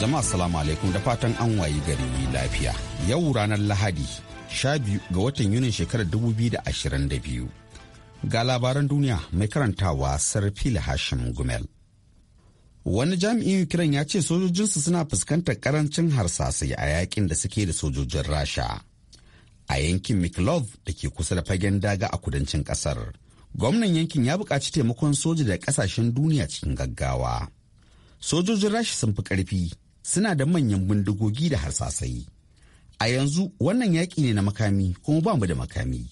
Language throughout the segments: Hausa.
Jama'a salamu alaikum da fatan an wayi gari lafiya. Yau ranar Lahadi, sha biyu ga watan Yunin shekarar 2022. Ga labaran duniya mai karantawa Sarfila Hashim Gumel. Wani jami'in Ukraine ya ce sojojinsu suna fuskantar karancin harsasai a yakin da suke da sojojin Rasha. A yankin Miklov da ke kusa da fagen daga a kudancin kasar. Gwamnan yankin ya buƙaci taimakon soja da ƙasashen duniya cikin gaggawa. Sojojin Rasha sun fi ƙarfi suna da manyan bindigogi da harsasai. A yanzu wannan yaƙi ne na makami kuma ba mu da makami.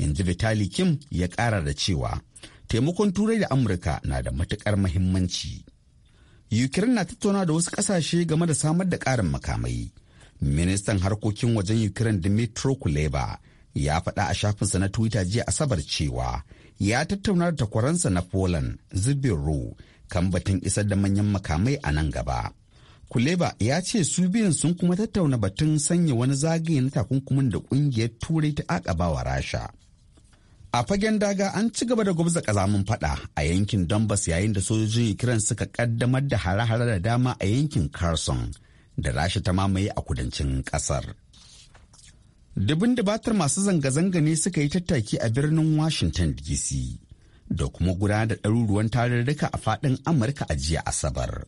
In ji Vitali Kim ya ƙara da cewa taimakon Turai da Amurka na da matuƙar mahimmanci. Ukraine na tattauna da wasu ƙasashe game da samar da ƙarin makamai. Ministan harkokin wajen Ukraine Dmitry Kuleba ya faɗa a shafinsa na Twitter jiya Asabar cewa ya tattauna da takwaransa na Poland Zbigniew kan batun isar da manyan makamai a nan gaba. Kuleba ya ce su biyun sun kuma tattauna batun sanya wani zagaye na takunkumin da kungiyar turai ta akabawa rasha. A fagen daga an ci gaba da gwabza kazamin fada a yankin Donbass yayin da sojojin Ukraine suka kaddamar da hare-hare da dama a yankin Kherson da rasha ta mamaye a kudancin kasar. Dubin dubatar masu zanga-zanga ne suka yi tattaki a birnin Washington DC da kuma gudanar da ɗaruruwan tarurruka a faɗin Amurka a jiya Asabar.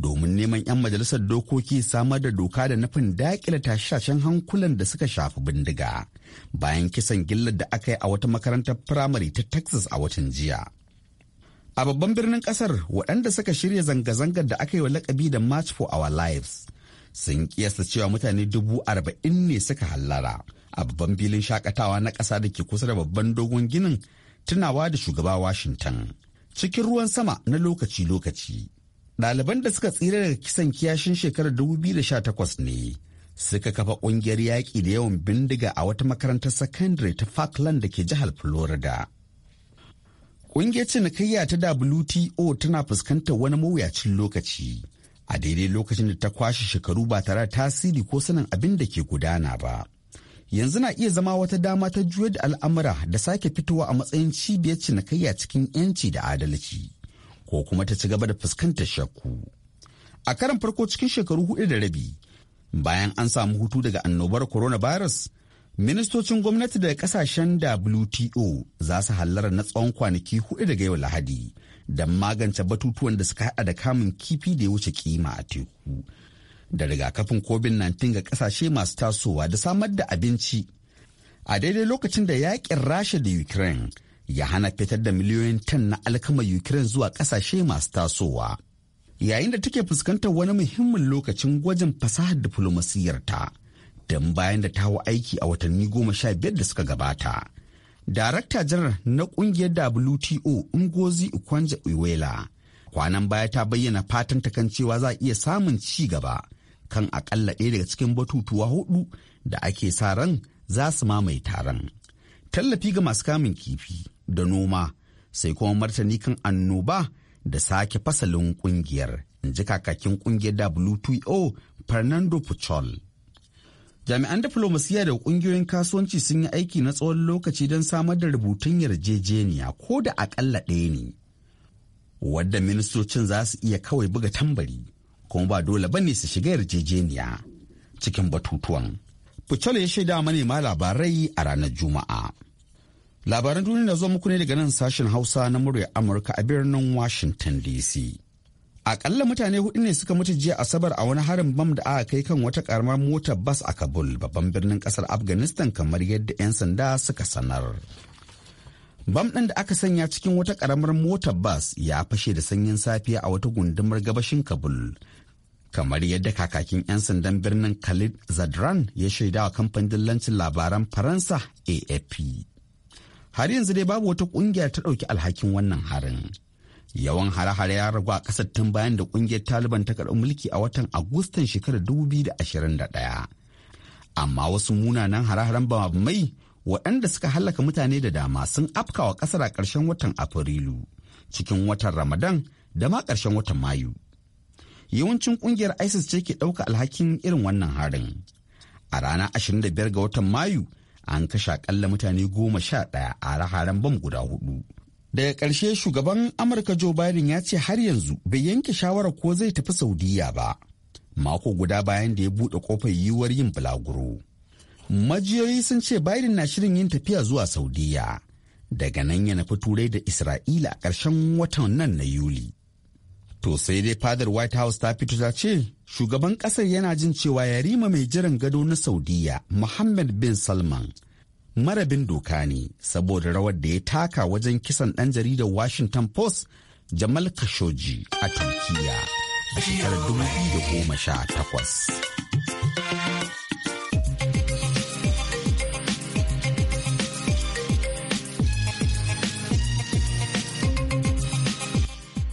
domin neman 'yan majalisar dokoki samar da doka da nufin daƙile tashashen hankulan da suka shafi bindiga bayan kisan gillar da aka yi a wata makarantar firamare ta texas a watan jiya a babban birnin kasar waɗanda suka shirya zanga-zangar da aka yi wa lakabi da march for our lives sun kiyasta cewa mutane dubu arba'in ne suka hallara a babban filin shakatawa na ƙasa da ke kusa da babban dogon ginin tunawa da shugaba washington cikin ruwan sama na lokaci-lokaci Ɗaliban da suka tsira daga kisan kiyashin shekarar 2018 ne suka kafa ƙungiyar yaƙi da yawan bindiga a wata makarantar sakandare ta Falkland da ke jihar Florida. Ƙungiyar cinikayya ta WTO tana fuskantar wani mawuyacin lokaci a daidai lokacin da ta kwashe shekaru ba tare da tasiri ko sanin abin da ke gudana ba. yanzu na iya zama wata dama ta juya da al'amura da sake fitowa a matsayin cibiyar cinikayya cikin 'yanci da adalci. ko kuma ta ci gaba da fuskantar shakku. A karan farko cikin shekaru hudu da rabi bayan an samu hutu daga annobar coronavirus ministocin gwamnati daga kasashen WTO za su hallara na tsawon kwanaki hudu daga yau Lahadi don magance batutuwan da suka hada da kamun kifi da ya wuce kima a teku. Da rigakafin COVID-19 ga kasashe masu tasowa da samar da abinci. A daidai lokacin da yaƙin Rasha da Ukraine ya hana fitar da miliyoyin tan na alkama Ukraine zuwa kasashe masu tasowa. Yayin da take fuskantar wani muhimmin lokacin gwajin fasahar diflomasiyarta don bayan da ta hau aiki a watanni goma sha biyar da suka gabata. Darakta janar na kungiyar WTO Ngozi Ukwanja Uwela kwanan baya ta bayyana fatan ta kan cewa za a iya samun ci gaba kan akalla ɗaya daga cikin batutuwa hudu da ake sa ran za su mamaye taron. Tallafi ga masu kamun kifi. da noma sai kuma martani kan annoba da sake fasalin kungiyar in ji kakakin kungiyar WTO Fernando Puchol. Jami'an diflomasiyya da kungiyoyin kasuwanci sun yi aiki na tsawon lokaci don samar da rubutun yarjejeniya ko da akalla ɗaya ne. Wadda ministocin za su iya kawai buga tambari kuma ba dole bane su shiga yarjejeniya cikin batutuwan. Puchol ya shaida manema labarai a ranar Juma'a. Labaran duniya na zuwa muku ne daga nan sashen Hausa na muryar Amurka a birnin Washington DC. Akalla mutane hudu ne suka mutu jiya Asabar a wani harin bam da aka kai kan wata karamar mota bas a Kabul, babban birnin kasar Afghanistan kamar yadda 'yan sanda suka sanar. Bam ɗin da aka sanya cikin wata karamar mota bas ya fashe da sanyin safiya a wata gundumar gabashin Kabul. Kamar yadda kakakin 'yan sandan birnin Khalid Zadran ya shaidawa kamfanin dillancin labaran Faransa AFP. har yanzu dai babu wata kungiya ta ɗauki alhakin wannan harin yawan hare-hare ya ragu a ƙasar tun bayan da ƙungiyar taliban ta karɓi mulki a watan agustan shekarar ɗaya. amma wasu munanan hare-haren mai waɗanda suka hallaka mutane da dama sun afkawa ƙasar a ƙarshen watan afrilu cikin watan ramadan da ma ƙarshen watan mayu yawancin ƙungiyar isis ce ke ɗauka alhakin irin wannan harin a ranar 25 ga watan mayu an kashe akalla mutane goma sha ɗaya a raharen bam guda hudu. Daga ƙarshe shugaban Amurka Joe Biden ya ce har yanzu bai yanke shawarar ko zai tafi Saudiya ba. Mako guda bayan da ya buɗe kofar yiwuwar yin bulaguro. Majiyoyi sun ce Biden na shirin yin tafiya zuwa Saudiya. Daga nan ya nufi Turai da Isra'ila a ƙarshen watan nan na Yuli. To sai dai fadar White House ta fito ta ce shugaban ƙasar yana jin cewa yarima mai jiran gado na saudiya muhammad bin salman marabin doka ne saboda rawar da ya taka wajen kisan ɗan jaridar washington post jamal khashoggi a turkiya a shekarar 2018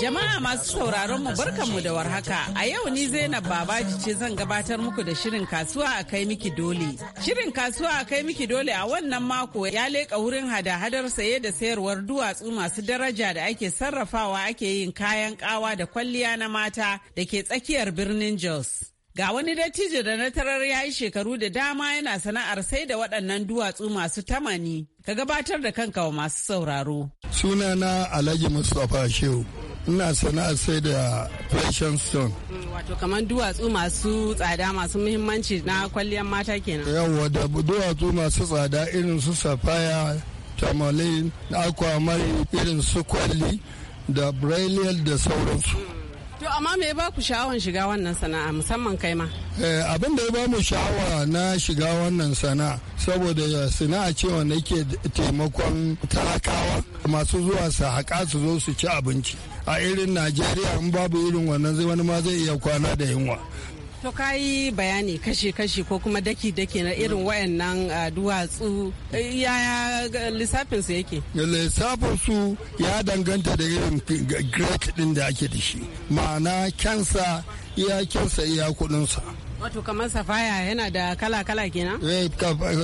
Jama'a masu sauraron mu barkanmu da warhaka. A yau ni Zainab Babaji ce zan gabatar muku da shirin kasuwa a kai miki dole. Shirin kasuwa a kai miki dole a wannan mako ya leka wurin hada-hadar saye da sayarwar duwatsu masu daraja da ake sarrafawa ake yin kayan kawa da kwalliya na mata da ke tsakiyar birnin Jos. Ga wani dattijo da na tarar ya yi shekaru da dama yana sana'ar sai da waɗannan duwatsu masu tamani. Ka gabatar da kanka wa masu sauraro. Sunana Alhaji Mustapha Shehu. ina sana'ar sai da fashion stone mm, wato kamar duwatsu masu tsada masu muhimmanci na kwalliyar mata kenan yawwa da duwatsu masu tsada irin su safaya tamalin aquamari irin su kwalli da braille da sauransu mm, To amma me ya ba ku sha'awar shiga wannan sana'a musamman kai ma? Eh, abin da ya ba mu sha'awa na shiga wannan sana'a saboda sana'a ce wanda ke taimakon talakawa masu zuwa su haƙa su zo su ci abinci. A irin Najeriya in babu irin wannan zai wani ma zai iya kwana da yunwa. To ka yi bayani kashi-kashi ko kuma daki-daki na irin wayannan uh, duwatsu yaya lissafin su yake? Lissafin su ya danganta da irin great din da ake da shi. Ma'ana kyansa iya kyansa iya kudinsa. Wato kamar safaya yana da kala-kala kenan? Eh,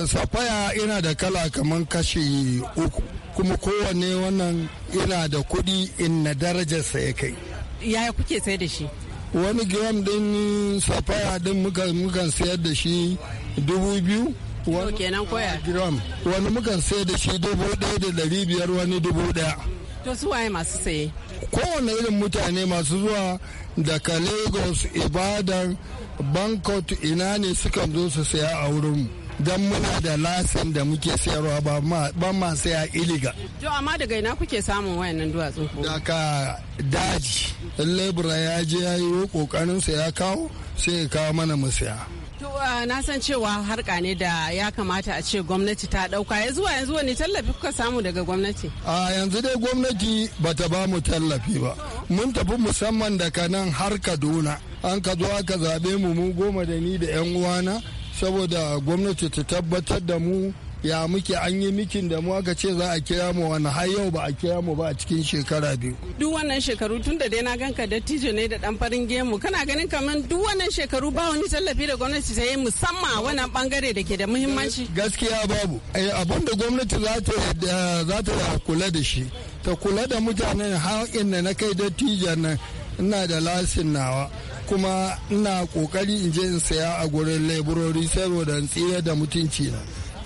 safaya yana da kala kamar kashi uku. Kuma kowanne wannan yana da kuɗi in na darajarsa ya kai. Yaya kuke sai da shi? wani gram din safaya din mukan sayar da shi dubu biyu wani kenan koya gram wani mukan sayar da shi dubu ɗaya da ɗari biyar wani dubu ɗaya to su waye masu saye kowane irin mutane masu zuwa daga lagos ibadan bangkok ina ne sukan zo su saya a wurinmu don muna da lasin da muke sayarwa ba ma saya iliga. To amma daga ina kuke samun wayannan duwatsun ko? Daga daji. Lebura ya je ya yi kokarinsa ya kawo sai ya kawo mana mu saya. To na san cewa harka ne da ya kamata a ce gwamnati ta dauka ya zuwa yanzu wani tallafi kuka samu daga gwamnati? A yanzu dai gwamnati bata ba mu tallafi ba. Mun tafi musamman daga nan har Kaduna. An ka zo aka zaɓe mu mu goma da ni da 'yan uwana saboda gwamnati ta tabbatar da mu ya muke an yi mikin da mu aka ce za a kira mu wani har yau ba a kira mu ba a cikin shekara biyu. Duk wannan shekaru tun da dai na ganka da tijo ne da dan farin gemu kana ganin kamar duk wannan shekaru ba wani tallafi da gwamnati ta yi musamman a wannan bangare da ke da muhimmanci. Gaskiya babu eh, abin da gwamnati za ta kula da shi ta kula da mutanen har inda na kai da tijo nan ina da lasin nawa kuma ina kokari in je in saya a gurin laiburori saboda in tsira da mutunci na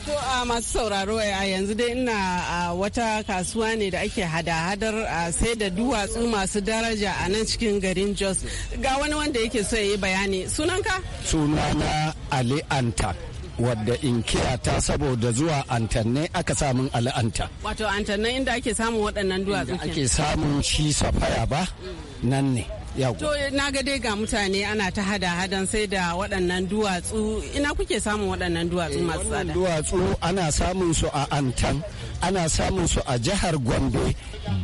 To a masu sauraro a yanzu dai ina a wata kasuwa ne da ake hada-hadar sai da duwatsu masu daraja a nan cikin garin Jos. Ga wani wanda yake so ya yi bayani. Sunanka? Sunana Ali Anta. wadda in ta saboda zuwa antanne aka samun al'anta. Wato antanne inda ake samun waɗannan duwatsu. Ake samun shi safaya ba nan ne. To na ga dai ga mutane ana ta hada hadan sai da waɗannan duwatsu ina kuke samun waɗannan duwatsu eh, masu tsada. duwatsu ana samun su a Antan, ana samun su a jihar Gombe,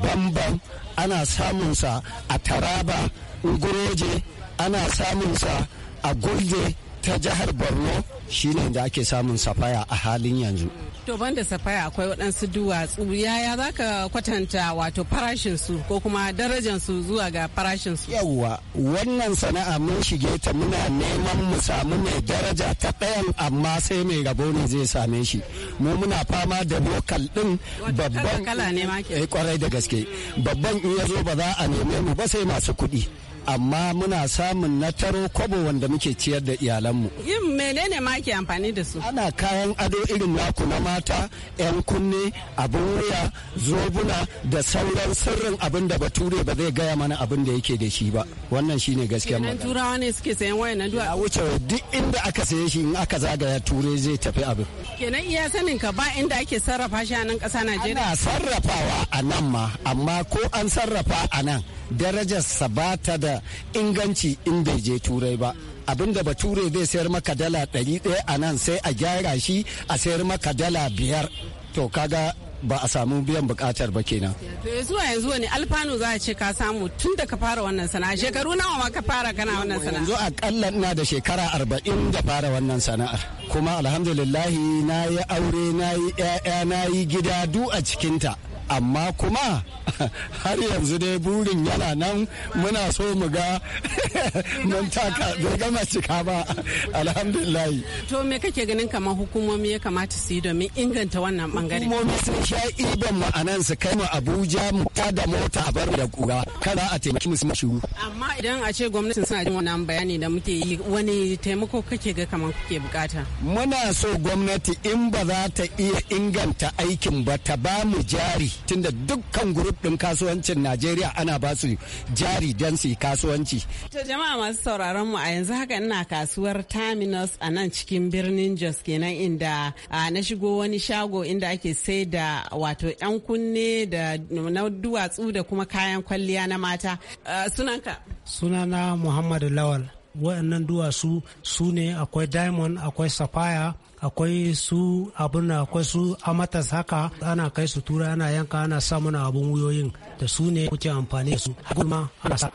Bambam, ana samun sa a Taraba, Ngoroje, ana samun sa a Gulje ta jihar Borno. shine da ake samun safaya a halin yanzu to banda safaya akwai waɗansu duwatsu yaya za ka kwatanta wato farashinsu ko kuma darajansu zuwa ga farashinsu yawwa wannan sana'a mun shige ta muna neman mu samu mai daraja ta ɗayan amma sai mai rabo ne zai same shi mu muna fama da lokal ɗin babban eh, kwarai da gaske babban in ya zo ba za a neme mu ba sai masu kuɗi amma muna samun na taro kwabo wanda muke ciyar da iyalanmu. Yin menene ma ke amfani da su? Ana kayan ado irin naku na mata, 'yan kunne, abin wuya, zobuna da sauran sirrin abin da bature ba zai gaya mana abin da yake da shi ba. Wannan shine gaskiya magana. turawa ne suke sayan wayan nan duwatsu. A wuce duk inda aka saye shi in aka zagaya ture zai tafi abin. Kenan iya sanin ka ba inda ake sarrafa shi a nan ƙasa Najeriya. Ana sarrafawa a nan ma amma ko an sarrafa a nan sa ba ta da inganci in bai je turai ba abinda bature zai sayar maka dala ɗari ɗaya a nan sai a gyara shi a sayar maka dala biyar to kaga ba a samu biyan bukatar ba kenan. To yanzu a yanzu wani alfanu za a ce ka samu tun da ka fara wannan sana'a shekaru nawa ma ka fara kana wannan sana'a. Yanzu akalla ina da shekara arba'in da fara wannan sana'ar. Kuma alhamdulillahi na yi aure na yi 'ya'ya na yi gida du a cikinta. amma kuma har yanzu dai burin yana nan muna so mu ga mun taka bai gama cika ba alhamdulillah to me kake ganin kamar hukumomi ya kamata su yi domin inganta wannan bangare hukumomi sun sha iban su kai mu abuja mu ta da mota a bar da kura kada a taimaki musu mashiru amma idan a ce gwamnatin suna jin wannan bayani da muke yi wani taimako kake ga kamar kuke bukata muna so gwamnati in ba za ta iya inganta aikin ba ta ba mu jari tunda dukkan grup din kasuwancin Najeriya ana ba su jari don su kasuwanci. To jama'a masu sauraron mu a yanzu haka ina kasuwar Terminus a nan cikin birnin Jos kenan inda na shigo wani shago inda ake sai da wato 'yan kunne da na duwatsu da kuma kayan kwalliya na mata. Sunanka? Sunana Muhammadu Lawal. waɗannan duwatsu su ne akwai diamond akwai sapphire akwai su abin akwai su amatas haka ana kai su tura ana yanka ana sa mana abun wuyoyin da su ne kuke amfani da su kuma ana sa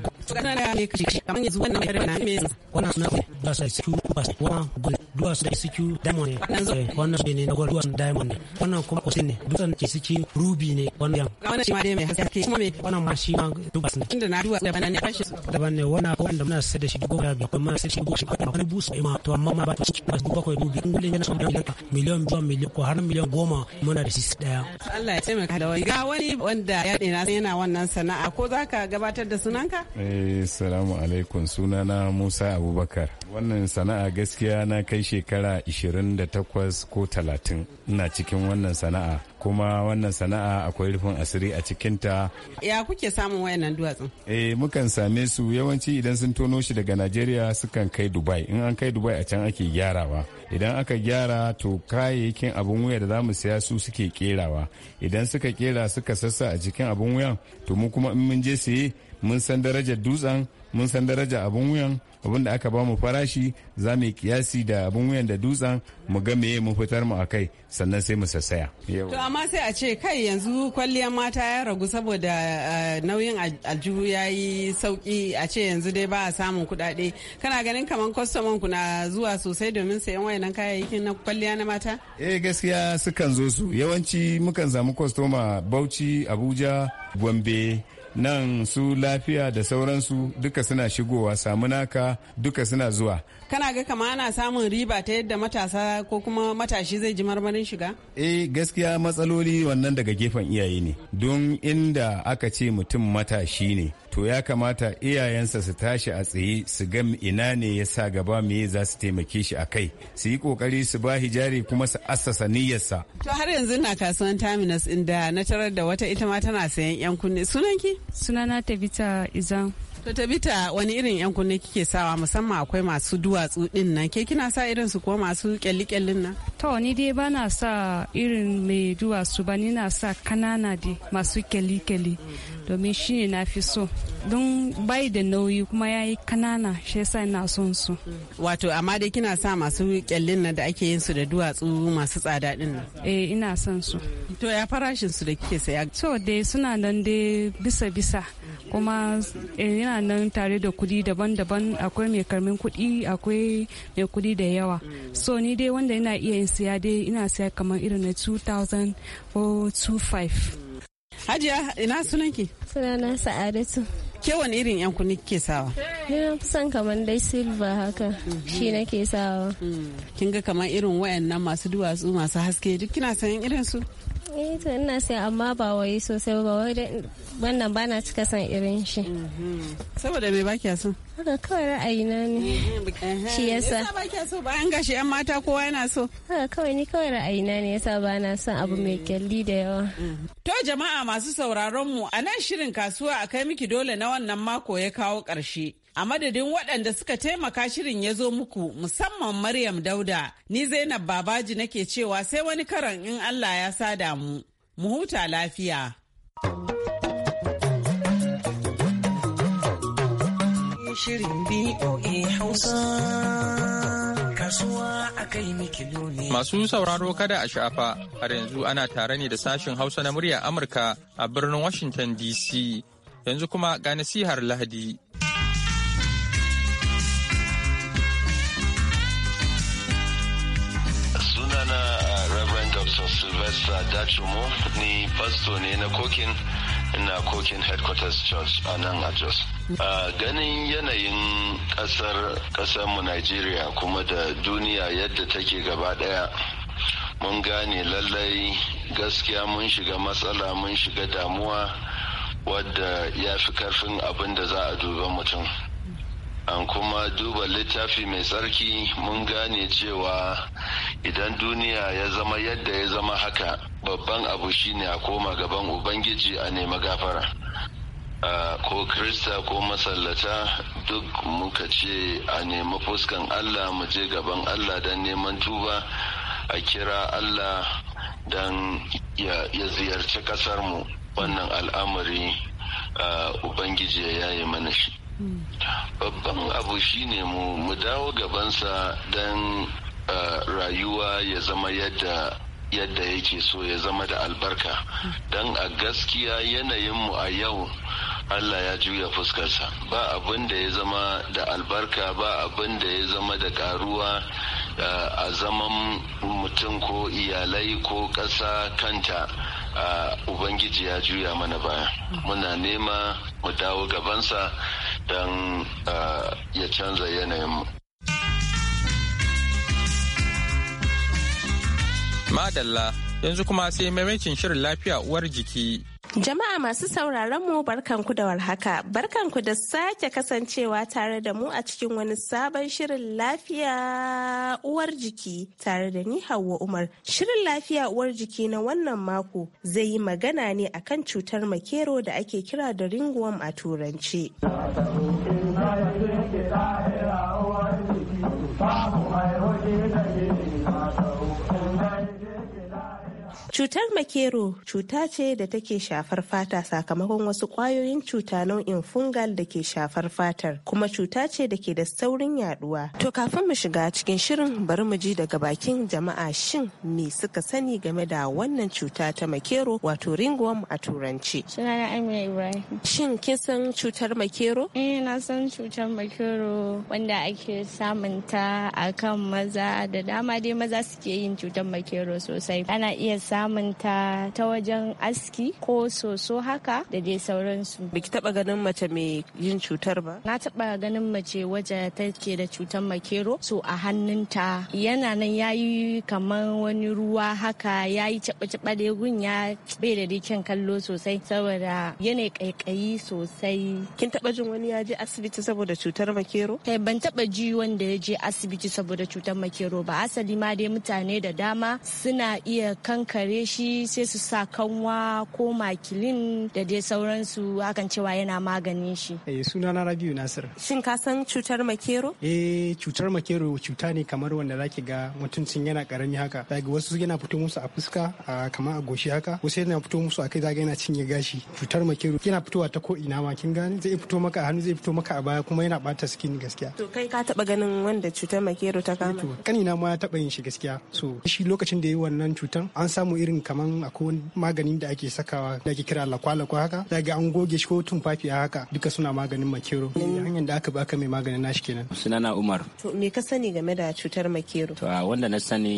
yanzu wannan suna ba sa su ba duwatsu da ke ciki diamond ne wannan zaure wannan su ne na gold duwatsun diamond ne wannan kuma kwasin ne duwatsun ke ciki ruby ne wannan yan wannan shi ma dai mai haske kuma me wannan ma shi ma duwatsu ne tunda na duwatsu daban ne kashi daban ne wannan akwai wanda muna sai da shi dubu goma biyar kuma sai shi dubu shi kuma wani busu ma to amma ma ba ta ciki ba dubu bakwai dubu biyu kullum yana son miliyan miliyan zuwa miliyan ko har miliyan goma muna da shi daya Allah ya taimaka da wani ga wani wanda ya dena yana wannan sana'a ko za ka gabatar da sunanka eh salamu alaikum sunana Musa Abubakar Wannan sana'a gaskiya na kai shekara 28 ko 30 ina cikin wannan sana'a kuma wannan sana'a akwai rufin asiri a cikinta. Ya kuke samun wayannan duwatsun? Eh mukan same su yawanci idan sun tono shi daga Najeriya sukan kai Dubai. In an kai Dubai a can ake gyarawa. Idan aka gyara to kayayyakin abin wuya da zamu siya su suke kerawa. Idan suka kera suka sassa a cikin abin wuyan to mu kuma in mun je siye mun san darajar dutsen mun san darajar abin wuyan abin da aka ba mu farashi za mu yi kiyasi da abin wuyan da dutsen mu ga meye mu fitar mu a kai sannan sai mu sassaya. To amma sai a ce kai yanzu kwalliyar mata ya ragu saboda eh, nauyin aljihu ya yi sauki a ce yanzu dai ba a samun kuɗaɗe. Kana ganin kamar kwastoman ku na zuwa sosai domin sayan wayannan kayayyakin na kwalliya na mata? Eh gaskiya sukan zo su yawanci mukan samu kwastoma Bauchi, Abuja, Gombe, nan su lafiya da sauransu duka suna shigowa samu naka duka suna zuwa kana ga kama ana samun riba ta yadda matasa ko kuma matashi zai ji marmarin shiga eh gaskiya matsaloli wannan daga gefen iyaye ne don inda aka ce mutum matashi ne to ya kamata iyayensa su tashi a tsaye su ga ina ne ya sa gaba me za su taimake shi a kai su yi kokari su ba jari kuma su assasa niyyarsa to har yanzu na kasuwan terminus inda na tarar da wata ita ma tana sayan yan kunne sunanki sunana tabita izan To Tabita wani irin yan kunne kike sawa musamman akwai masu duwatsu din nan ke kina sa irin su kuma masu kyalli kyallin nan? To ni dai ba na sa irin mai duwatsu ba ni na sa kanana dai masu kyalli kyalli mm-hmm. domin shi ne na fi so don bai da nauyi kuma ya yi kanana shi yasa ina son su. Mm. Wato amma dai kina sa masu kyallin nan da ake yin su da duwatsu masu tsada din nan? Eh ina son su. To ya farashin su da kike saya? To dai suna nan dai bisa bisa. kuma eh, yana nan tare da kudi daban-daban akwai mai karmin kudi akwai mai kudi da yawa so ni dai wanda yana iya yin siya dai ina siya kamar irin na 2000 ko 25 hajiya ina sunanki sunana sa'adatu ke wani irin yan kuni ke sawa na son kamar dai silva haka shi nake sawa mm. kin ga kamar irin wayannan masu duwatsu masu haske duk kina sanin irin su eh to ina sai amma ba wai sosai ba wai wannan ba na cika son irin shi mm-hmm. saboda me kya so haka kawai ra'ayi na ne mm-hmm. shi yasa ba kya so ba an gashi yan mata kowa yana so haka kawai ni kawai ra'ayi na ne yasa ba na son abu mai mm. kyalli da yawa mm-hmm. to jama'a masu sauraron mu a nan shirin kasuwa a kai miki dole na wannan mako ya kawo ƙarshe A madadin waɗanda suka taimaka shirin ya zo muku musamman Maryam Dauda, ni Zainab Babaji nake cewa sai wani karan in Allah ya sada mu, mu huta lafiya. Masu sauraro kada a shafa, har yanzu ana tare ne da sashin Hausa na murya Amurka a birnin Washington DC, yanzu kuma ga nasihar Lahadi. Professor Sylvester Dachumo ni pastor ne na kokin na kokin headquarters church a nan a Jos. A Ganin yanayin kasar kasarmu Nigeria kuma da duniya yadda take gaba ɗaya, mun gane lallai gaskiya mun shiga matsala mun shiga damuwa wadda ya fi karfin abin da za a duba mutum. an kuma duba littafi mai tsarki mun gane cewa idan duniya ya zama yadda ya zama haka babban abu shine a koma gaban ubangiji a nema gafara ko krista ko masallata duk muka ce a nemi fuskan allah mu je gaban allah don neman tuba a kira allah don ya ziyarci kasarmu wannan al'amari ubangiji ya yaye mana shi babban abu shine mu mu dawo gabansa don eh, rayuwa ya zama yadda yadda yake so ya zama da albarka don a gaskiya yanayin mu a yau Allah ya juya fuskarsa ba abin da ya zama da albarka ba abin da ya zama da karuwa eh, a zaman mutum ko iyalai ko ƙasa kanta eh, ubangiji ya juya mana baya muna nema mu dawo gabansa don uh, ya canza yanayin mu Madalla yanzu kuma sai maimakin shirin lafiya uwar jiki Jama'a masu sauraron mu barkanku da warhaka, barkanku da sake kasancewa tare da mu a cikin wani sabon shirin lafiya uwar jiki tare da ni Hauwa Umar. Shirin lafiya uwar jiki na wannan mako zai yi magana ne akan cutar makero da ake kira da ringworm a turanci. Cutar makero cuta ce da take shafar fata sakamakon wasu kwayoyin cuta nau'in fungal da ke shafar fatar kuma cuta ce da ke da saurin yaduwa. To kafin mu shiga cikin shirin bari mu ji daga bakin jama'a shin me suka sani game da wannan cuta ta makero wato ringworm a turanci. Sunana Amina Ibrahim. Shin kin san cutar makero? Eh na san cutar makero wanda ake samun ta akan maza da dama dai maza suke yin cutar makero sosai. Ana iya samun namanta ta wajen aski ko soso haka da dai sauransu. Biki taba ganin mace mai yin cutar ba? Na taba ganin mace waje take da cutar makero so a hannunta yana nan yi kamar wani ruwa haka ya yi caba caba da gun ya bai da kyan kallo sosai saboda yana kaikayi sosai. Kin taba jin wani ya je asibiti saboda cutar makero? Kai eh, ban taba ji wanda ya je asibiti saboda cutar makero ba asali ma dai mutane da dama suna iya kankare gare shi sai su sa kanwa ko makilin da dai sauransu akan cewa yana maganin shi eh suna na rabiu nasir shin ka san cutar makero eh cutar makero cuta ne kamar wanda zaki ga mutuncin yana karami haka zaki wasu yana fito musu a fuska kamar a goshi haka wasu yana fito musu a kai zaki yana cinye gashi cutar makero yana fitowa ta ko ina ma kin gane zai fito maka a hannu zai fito maka a baya kuma yana bata skin gaskiya to kai ka taba ganin wanda cutar makero ta kama kanina eh, ma ya taba yin shi gaskiya so shi lokacin da yayi wannan cutar an samu irin kaman akwai maganin da ake sakawa da ake kira ko haka daga an goge shi ko tumfafi a haka duka suna maganin makero eh, hanyar da aka ka mai maganin nashi kenan sunana umar to me ka sani game da cutar makero to wanda na sani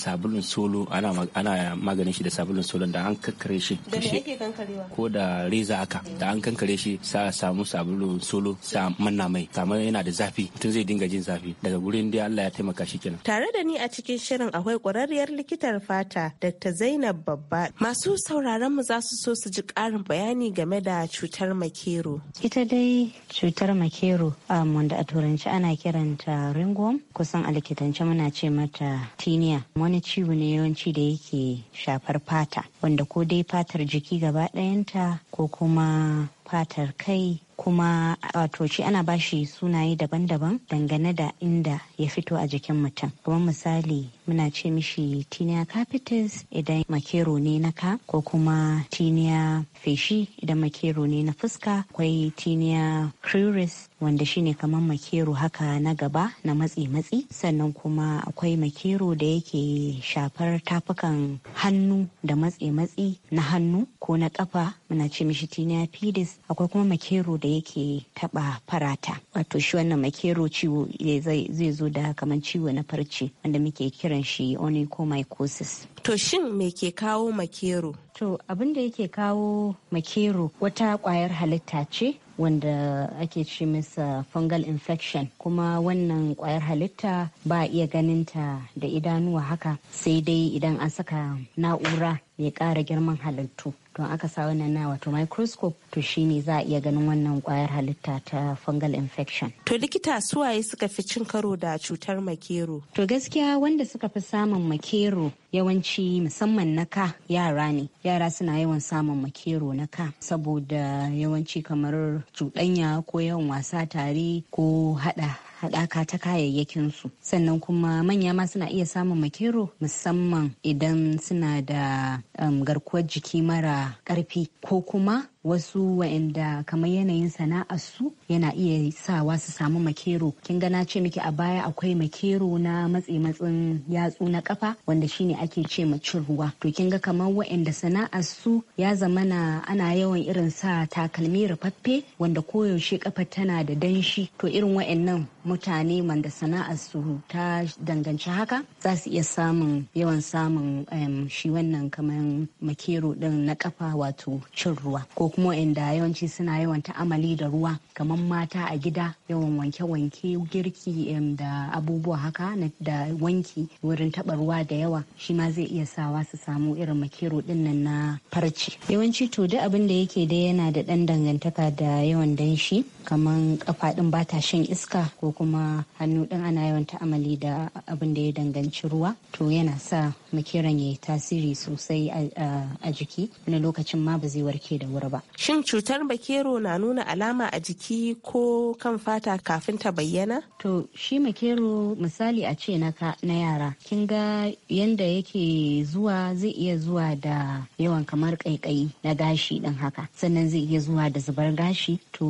sabulun solo ana ana maganin shi da sabulun solo da an kankare shi da me ake kankarewa ko da reza haka da an kankare shi sa samu sabulun solo sa manna mai kamar yana da zafi tun zai dinga jin zafi daga gurin da Allah ya taimaka shi kenan tare da ni a cikin shirin akwai kwararriyar likitar fata Dr. Zainab Babba. Masu sauraron mu za su so su ji ƙarin bayani game da cutar makero. Ita dai cutar makero um, wanda a turanci ana kiranta ringworm kusan a likitance muna ce mata tiniya wani ciwo ne yawanci da yake shafar fata wanda ko dai fatar jiki gaba ɗayanta ko kuma fatar kai kuma wato shi ana bashi sunaye daban-daban dangane da inda ya fito a jikin mutum kuma misali muna ce mishi tinea capitis idan makero ne na ka ko kuma tinea feshi idan makero ne na fuska akwai tinea cruris wanda shine kamar makero haka na gaba na matsi-matsi sannan kuma akwai makero da yake shafar tafukan hannu da matsi-matsi na hannu ko na kafa muna ce mishi tinea pidis akwai kuma makero da yake taba farata wato shi wannan makero ciwo eh, zai zo da kamar ciwo na farce wanda muke kiran shi onychomycosis To shin me ke kawo makero? To abin da yake kawo makero wata kwayar halitta ce wanda ake ci masa fungal infection kuma wannan kwayar halitta ba iya ganinta da idanuwa haka sai dai idan an saka na'ura mai ƙara girman halittu don aka sa wannan na wato microscope to shine za a iya ganin wannan kwayar halitta ta fungal infection to likita suwaye suka fi cin karo da cutar makero to gaskiya wanda suka fi samun makero yawanci musamman na ka yara ne yara suna yawan samun makero na ka saboda yawanci kamar cuɗanya ko yawan wasa tare ko haɗa. haɗaka ta kayayyakin su sannan kuma manya ma suna iya samun makero musamman idan suna da um, garkuwar jiki mara ƙarfi ko kuma wasu wa'anda kamar yanayin sana'ar su yana iya sawa su samu makero kin ga na ce miki a baya akwai makero na matse matsin yatsu na kafa wanda shine ake ce ma cin ruwa to kin ga kamar wa'anda sana'ar su ya zamana ana yawan irin sa takalmi rufaffe wanda koyaushe kafa tana da danshi to irin wa'annan mutane wanda sana'ar su ta danganci haka za su iya samun yawan samun shi wannan kamar makero din na kafa wato cin ruwa ko kuma inda yawanci suna yawan ta'amali da ruwa kamar mata a gida yawan wanke-wanke girki da abubuwa haka da wanki wurin taɓa ruwa da yawa shi ma zai iya sawa su samu irin makero din na farce. yawanci to duk abin da yake dai yana da ɗan dangantaka da yawan danshi kamar kafa ɗin ba ta shan iska ko kuma hannu din ana yawan ta'amali da abin da ya danganci ruwa to yana sa makeran ya yi tasiri sosai a jiki wani lokacin ma ba zai warke da wuri ba Shin cutar makero na nuna alama a jiki ko kan fata kafin ta bayyana? To shi makero misali a ce na yara. Kin ga yanda yake zuwa zai iya zuwa da yawan kamar kaikayi na gashi ɗin haka. Sannan zai iya zuwa da zubar gashi to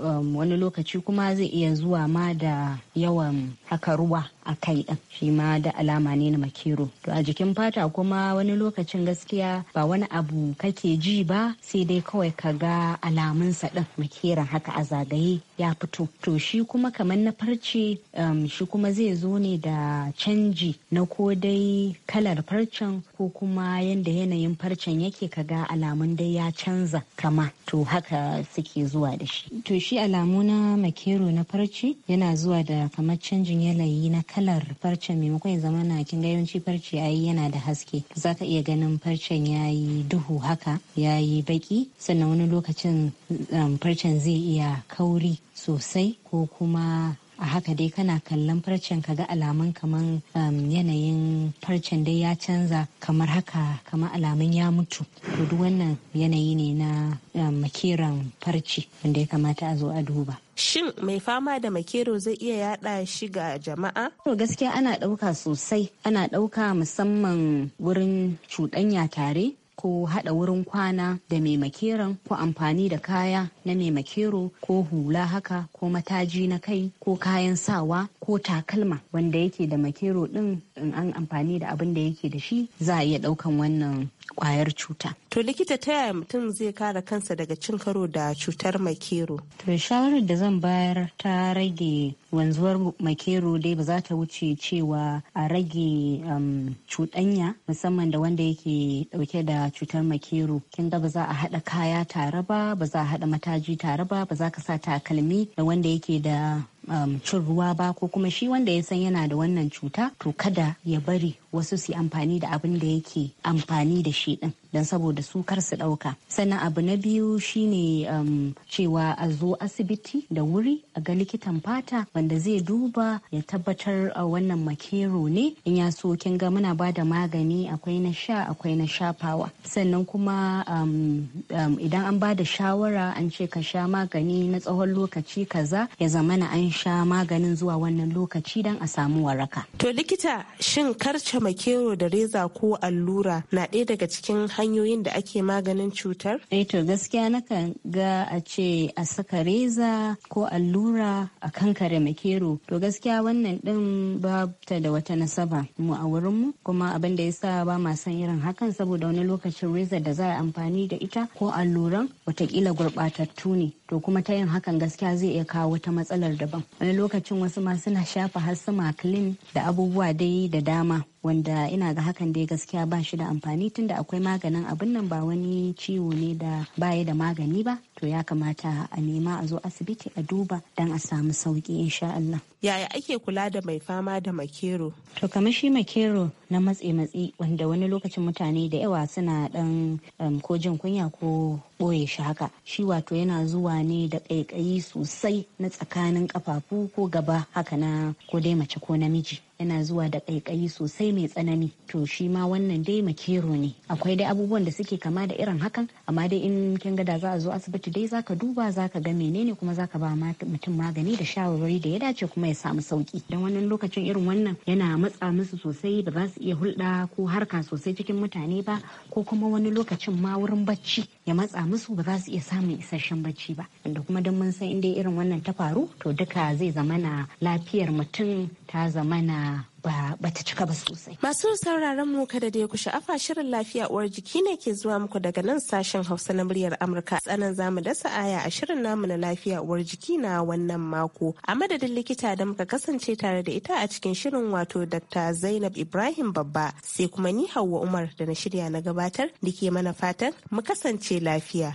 um, wani lokaci kuma zai iya zuwa ma da yawan haka ruwa a kai ɗin shi ma da alama ne na makero to a jikin fata kuma wani lokacin gaskiya ba wani abu kake ji ba sai dai kawai ka ga alamunsa ɗin makeran haka a zagaye ya fito to shi kuma kamar na farce um, shi kuma zai zo ne da canji na ko dai kalar farcen ko kuma yanda yanayin farcen yake ka ga alamun dai ya canza kama to haka suke zuwa da shi to shi alamu na makero na farce yana zuwa da kamar canjin yanayi na kalar farcen maimakon ya zama na kin yawanci farce yayi yana da haske za ka iya ganin farcen yayi duhu haka yayi baki sannan wani lokacin um, farcen zai iya kauri sosai ko kuma a haka dai kana kallon farcen ka ga alamun kamar um, yanayin farcen dai ya canza kamar haka kamar alamun ya mutu to duk wannan yanayi ne na um, makeran farce wanda ya kamata a zo a duba Shin mai fama da makero zai iya yada shi ga jama'a? To gaskiya ana ɗauka sosai, ana ɗauka musamman wurin cuɗanya tare ko haɗa wurin kwana da mai makeran ko amfani da kaya na mai makero ko hula haka ko mataji na kai ko kayan sawa ko takalma wanda yake da makero din in an amfani da abin da yake da shi za a iya daukan wannan kwayar cuta. To likita ta yaya mutum zai kare kansa daga cin karo da cutar makero? To shawarar da zan bayar ta rage wanzuwar makero dai ba za ta wuce cewa a rage um, cuɗanya musamman da wanda yake dauke da cutar makero. Kin ga ba za a haɗa kaya tare ba, ba za a haɗa mataji tare ba, ba za ka sa takalmi da wanda yake da Um, cin ruwa ba ko kuma shi wanda ya san yana da wannan cuta to kada ya bari wasu su yi amfani da abin da yake amfani da shi din don saboda su kar su ɗauka sannan abu na biyu shine um, cewa a zo asibiti da wuri a ga likitan fata wanda zai duba ya tabbatar a uh, wannan makero ne in ya so kin ga muna ba da magani akwai na sha akwai na shafawa sannan kuma um, um, idan an ba da shawara an ce ka sha magani na tsawon lokaci kaza ya zamana an sha maganin zuwa wannan lokaci don a samu waraka to likita shin karce haka makero da reza ko allura na ɗaya daga cikin hanyoyin da ake maganin cutar? Eh to gaskiya nakan ga a ce a saka reza ko allura a kan kankare makero. To gaskiya wannan ɗin ba ta da wata nasaba mu a wurinmu kuma abin da ya sa ba ma san irin hakan saboda wani lokacin reza da za a amfani da ita ko alluran watakila gurɓatattu ne. To kuma ta yin hakan gaskiya zai iya kawo wata matsalar daban. Wani lokacin wasu ma suna shafa har sama clean da abubuwa dai da dama wanda ina ga hakan dai gaskiya ba shi da amfani tunda akwai maganin abin nan ba wani ciwo ne da baya da magani ba to ya kamata a nema a zo asibiti a duba dan a samu sauki insha Allah yaya ake kula da mai fama da makero to kamar shi makero na matse matsi wanda wani lokacin mutane da yawa suna dan um, ko jin kunya ko boye shi haka shi wato yana zuwa ne da ƙaiƙayi sosai na tsakanin kafafu ko gaba haka na ko dai mace ko namiji yana zuwa da kaikayi sosai mai tsanani to shi ma wannan dai makero ne akwai dai abubuwan da suke kama da irin hakan amma dai in kin ga da za a zo asibiti dai zaka duba zaka ga menene kuma zaka ba mutum magani da shawarwari da ya dace kuma ya samu sauki dan wannan lokacin irin wannan yana matsa musu sosai ba za su iya hulɗa ko harka sosai cikin mutane ba ko kuma wani lokacin ma wurin bacci ya matsa musu ba za su iya samun isasshen bacci ba inda kuma don mun san inda irin wannan ta faru to duka zai zamana lafiyar mutum ta zamana ba ta cika ba sosai. Masu sauraron mu kada da ya kusha afa shirin lafiya uwar jiki ne ke zuwa muku daga nan sashen Hausa na muryar Amurka. Tsanan zamu dasa aya a shirin namu na lafiya uwar jiki na wannan mako. A madadin likita da muka kasance tare da ita a cikin shirin wato Dr. Zainab Ibrahim Babba sai kuma ni Hauwa Umar da na shirya na gabatar da ke mana fatan mu kasance lafiya.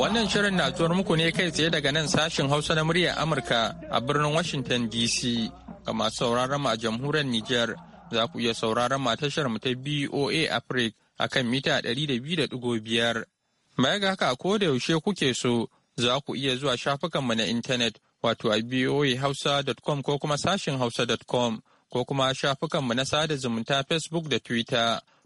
Wannan shirin na zuwar muku ne kai tsaye daga nan sashin Hausa na muryar Amurka a birnin Washington DC. Ga masu sauraron a jamhuriyar Nijar za ku iya sauraron ma tashar mu ta BOA Africa a kan mita 200.5. Baya ga haka ko da yaushe kuke so za ku iya zuwa shafukanmu na intanet wato a boahausa.com ko kuma sashin hausa.com ko kuma shafukanmu na sada zumunta Facebook da Twitter.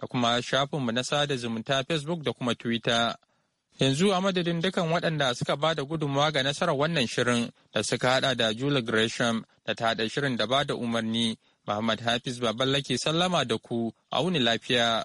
da kuma shafin mu na sada zumunta Facebook da kuma Twitter. Yanzu a madadin dukan waɗanda suka ba da gudunmawa ga nasarar wannan shirin da suka haɗa da Julie Gresham da ta haɗa shirin da ba da umarni, Muhammad Hafiz Baballake sallama da ku, a wuni lafiya.